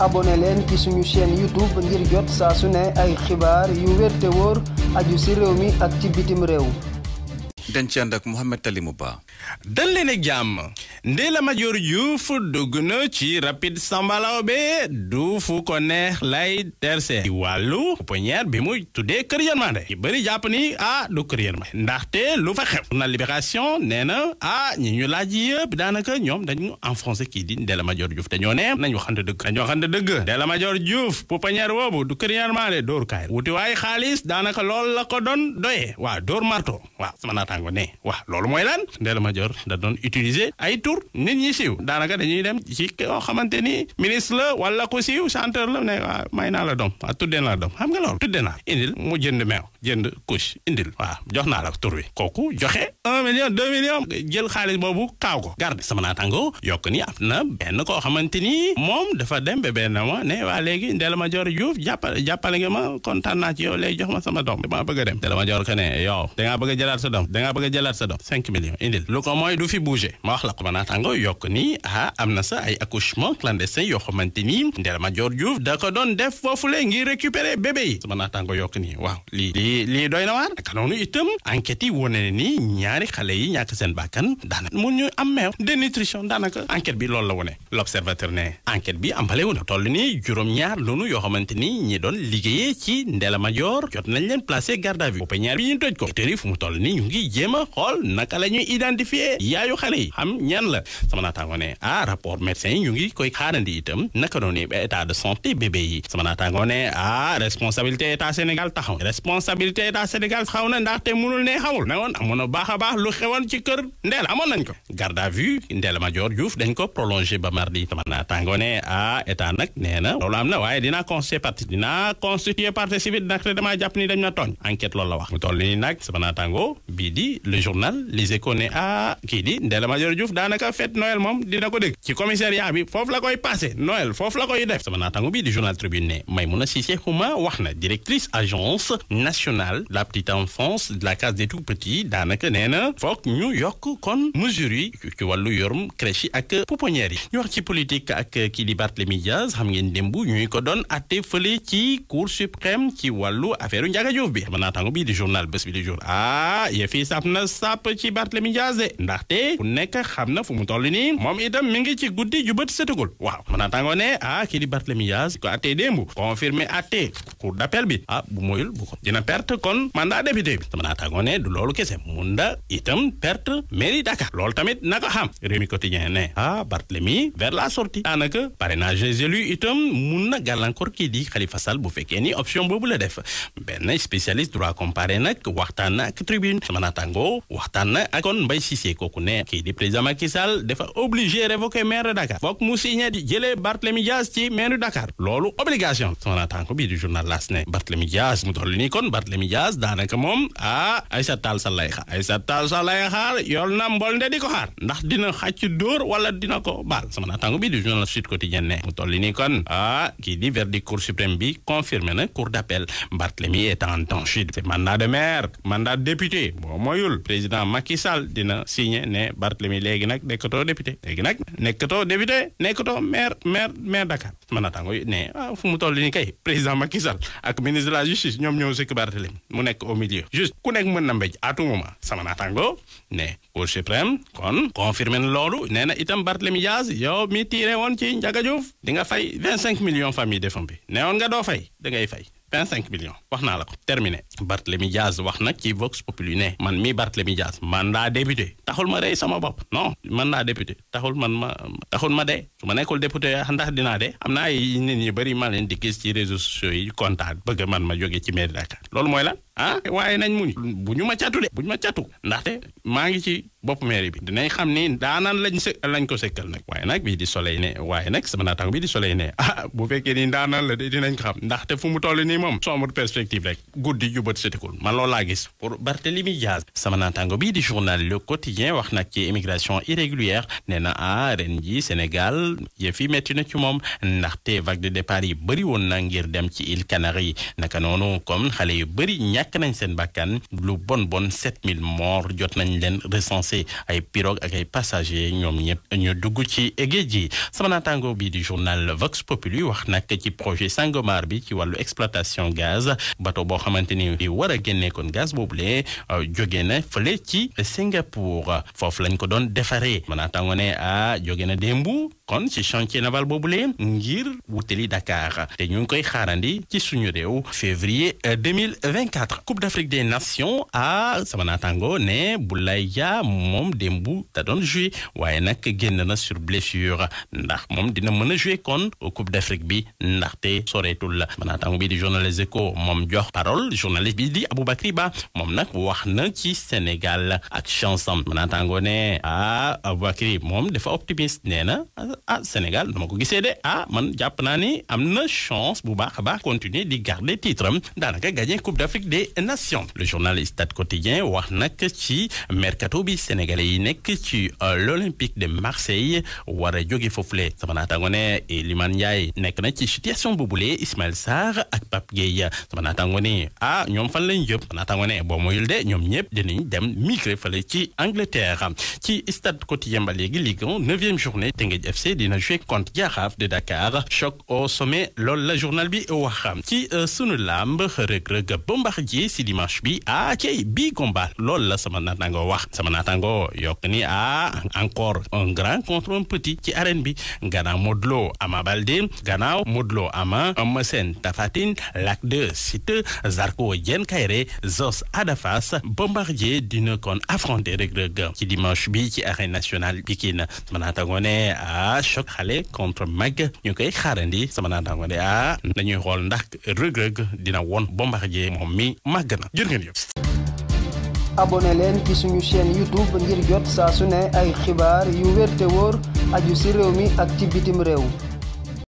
abonné leen ci suñu chaîne YouTube ngir jot saa su ne ay xibaar yu wér te wóor aju ci réew mi ak ci bitim réew. dañ ci ànd ak Mouhamed Ba. dal leen ak jàmm Ndella Madior Diouf dugg na ci rapide sambalaw be du fu ko neex lay terse ci wàllu pouponnière bi mu tuddee kër yërmande yi bëri jàpp ni ah du kër yërmande ndaxte lu fa xew na libération nee na ah ñi ñu laaj yëpp daanaka ñoom dañu enfoncé kii di Ndella Madior Diouf dañoo ne nañ waxante dëgg dañu waxante dëgg Ndella Madior Diouf pouponnière boobu du kër yërmande door kaay wuti waaye xaalis daanaka loolu la ko doon doyee waa dóor marto major da doon utiliser ay tur nit ñi siiw daanaka dañuy dem ci koo xamante ni ministre la wala siiw chanteur la ne waaw may naa la doom waaw tuddee naa la doom xam nga loolu tuddee naa indil mu jënd meew jënd couche indil waaw jox naa la tur wi kooku joxe un million deux millions jël xaalis boobu kaaw ko garde sama naataango yokk ni am na benn koo xamante ni moom dafa dem ba benn ma ne waa léegi Ndella Madior Diouf jàppale jàppale nga ma kontaan naa ci yow léegi a dem a jëlaat sa a jëlaat sa doom cinq lu ko mooy du fi bouger ma wax la ko ma naataango yokk ni ah am na sa ay accouchement clandestin yoo da ko doon def foofule ngir récupérer bébé yi sama naataango yokk nii waaw lii lii lii yi wone ne ni ñaari xale yi ñàkk seen bàkkan daanaka mun ñu am meew dénutrition daanaka enquête bi loolu la wone l'observateur ne enquête bi ambale wu na toll ni juróom-ñaar lunu yoo xamante ni ñi doon liggéeyee ci Ndella Madior jot nañ leen placé garde à vue ñaar bi ñu toj ko tëri fu mu toll ni ñu ngi jéem xool naka la ñuy identifier certifié yaayu xale yi xam ñan la sama naataango ne ah rapport médecin yi ñu ngi koy xaarandi itam naka noonu état de santé bébé yi sama naataango ne ah responsabilité état Sénégal taxaw na ndaxte munul ne xamul na woon amoon na baax a baax lu xewoon ci kër Ndella amoon nañ ko garde à vue Ndella Madior Diouf dañ ko prolongé ba mardi sama naataango ne ah état nag nee na loolu am na waaye dinaa constitué partie dinaa constitué partie civile nag te damaa jàpp ni dañ na tooñ enquête loolu la wax mu toll nii nag sama naataango bii di le journal les ah kii di Ndella Madior Diouf daanaka fête Noël moom dina ko dégg ci commissariat bi foofu la koy passé Noël foofu la koy def sama naataango bi di journal Tribune ne Maimouna Cissé Houma wax na directrice agence nationale la petite enfance de la case des tout-petits daanaka nee na ñu yokk kon mesures yi ci wàllu yorum crèche yi ak pouponnière yi ñu wax ci politique ak kii di Barthélémy Dias xam ngeen démb ñuy ko doon atte fële ci cour suprême ci wàllu affaire Ndiaga Diouf bi sama naataango bi di journal bi di jour ah yëf de ndaxte ku nekk xam na fu mu toll nii moom itam mi ngi ci guddi ju bët setagul waaw mën naa tàngoo ne a ah, kii di Barthélemy Dias ko attee démb confirmé attee cour d'appel bi ah bu moyul bu ko dina perte kon mandat député bi mën ne du loolu kese mun na itam perte mairie Dakar loolu tamit na ko xam réew mi quotidien ne ah Barthélemy vers la sortie daanaka parrainage des élus itam mun na gàllankoor kii di Khalifa Sall bu fekkee ni option boobu la def benn spécialiste na ak tribune sama naataango waxtaan Cissé kooku ne kii di président Macky Sall dafa obligé révoquer maire de Dakar foog mu signé di jëlee Barthélemy Dias ci maire de Dakar loolu obligation sama naataango bii di journal L'As ne Barthélemy Dias mu toll nii kon Barthélemy Dias daanaka moom ah Aïssata Tall Sall lay lay xaar yool na mbol di ko xaar ndax dina xàcc dóor wala dina ko baal sama naataango bii di journal Sud Quotidien ne mu toll nii kon ah kii di verdict Cour suprême bi confirmé na cour d'appel Barthélemy signé ne Barthélemy léegi nag nekkatoo député léegi nag nekkatoo député nekkatoo maire maire maire Dakar man yi ne ah, fu mu toll nii kay président Macky Sall ak ministre de la justice ñoom ñoo sëkk Barthélemy mu nekk au milieu ku nekk mën na mbéj à tout moment sama naataango ne Cour suprême kon confirmé na loolu nee na itam Barthélemy Diaz yow mi tiire woon ci Ndiaga Diouf di nga fay vingt cinq millions famille de famille bi ne woon nga doo fay da ngay fay 25 millions wax naa la ko terminé Barthélemy Diaz wax nag ci Vox Populi ne man mii Barthélemy Diaz mandat député taxul ma rey sama bopp non mandat député taxul ma taxul ma dee su ma nekkul député ndax dinaa dee am na ay nit ñi bëri ma leen di gis ci réseaux sociaux yi kontaan bëgg man ma jóge ci mairie Dakar loolu mooy lan ah waaye nañ muñ bu ñu ma catu de bu ñu ma catu ndaxte maa ngi ci bopp mairie bi dinañ xam ni daanaan lañ se lañ ko sekkal nag waaye nag bii di soleil ne waaye nag sama naataango bii di soleil ne ah bu fekkee ni daanaan la de dinañ ko xam ndaxte fu mu toll nii moom sombre perspective rek guddi ju bët setikul man loolu laa gis pour Barthélemy Diaz sama naataango bii di journal Le Quotidien wax nag ci immigration irrégulière nee na ah ren ji Sénégal yi metti na ci moom ndaxte vague de départ yi bëri woon na ngir dem ci îles Canaries naka noonu comme xale yu bëri ñàkk lancé ay pirogue ak ay passager ñoom ñëpp ñu dugg ci géej gi sama naataango bii di journal Vox Populi wax nag ci projet Sangomar bi ci wàllu exploitation gaz bateau boo xamante ni bi war a génnee kon gaz boobule euh, jóge na fële ci Singapour foofu lañ ko doon defaree sama naataango ne ah jóge na démb kon ci chantier naval boobule ngir wutali Dakar te ñu ngi koy xaarandi ci suñu réew février 2024 euh, Coupe d'Afrique des Nations a sama naataango ne Boulaye Dia moom démb da doon joué waaye nag génn na sur blessure ndax moom dina mën a joué kon Coupe d'Afrique bi ndaxte soreetul la sama naataango bi di journaliste Écho moom jox parole journaliste bi di abu Aboubacry Ba moom nag wax na ci Sénégal ak chance am sama naataango ne ah Aboubacry moom defa optimiste nee na daal ah Sénégal dama ko gisee de ah man jàpp naa ni am na chance bu baax a baax continuer di garder titre am daanaka gagné Coupe d'Afrique des Nations le journal Stade Quotidien wax nag ci mercato bi sénégalais yi nekk ci euh, l'Olympique de Marseille war a jóge foofule sama naataango ne Iliman Ndiaye nekk na ci situation boobule Ismaël Sarr ak Pape Gueye sama naataango ne ah ñoom fan lañ jëm sama naataango ne boo moyul de ñoom ñëpp dinañ dem migrer fële ci Angleterre ci Stade AFC dina jouer contre Jaraaf de Dakar choc au sommet loolu la journal bi wax am ci euh, sunu lamb rëg-rëg Bombardier si dimanche bi ah kay bii combat loolu la sama naataango wax sama naataango yokk ni ah encore un grand contre un petit ci arène bi gannaaw Modou Lo Ama Baldé gannaaw Modou Lo Ama Eumeu Sène Tapha Tine Lac 2 Siteu Zarko Diène Kairé Zoss Ada Fass Bombardier dina kon affronter rëg-rëg ci dimanche bi ci arène nationale Pikine sama naataango ne combat choc xale contre mag ñu koy xaarandi sama naataango ne ah dañuy xool ndax rëg-rëg dina woon Bombardier moom mi màgg na jër ngeen yëpp. abonné leen ci suñu chaîne youtube ngir jot saa su ne ay xibaar yu wér wóor aju si réew mi ak ci bitim réew.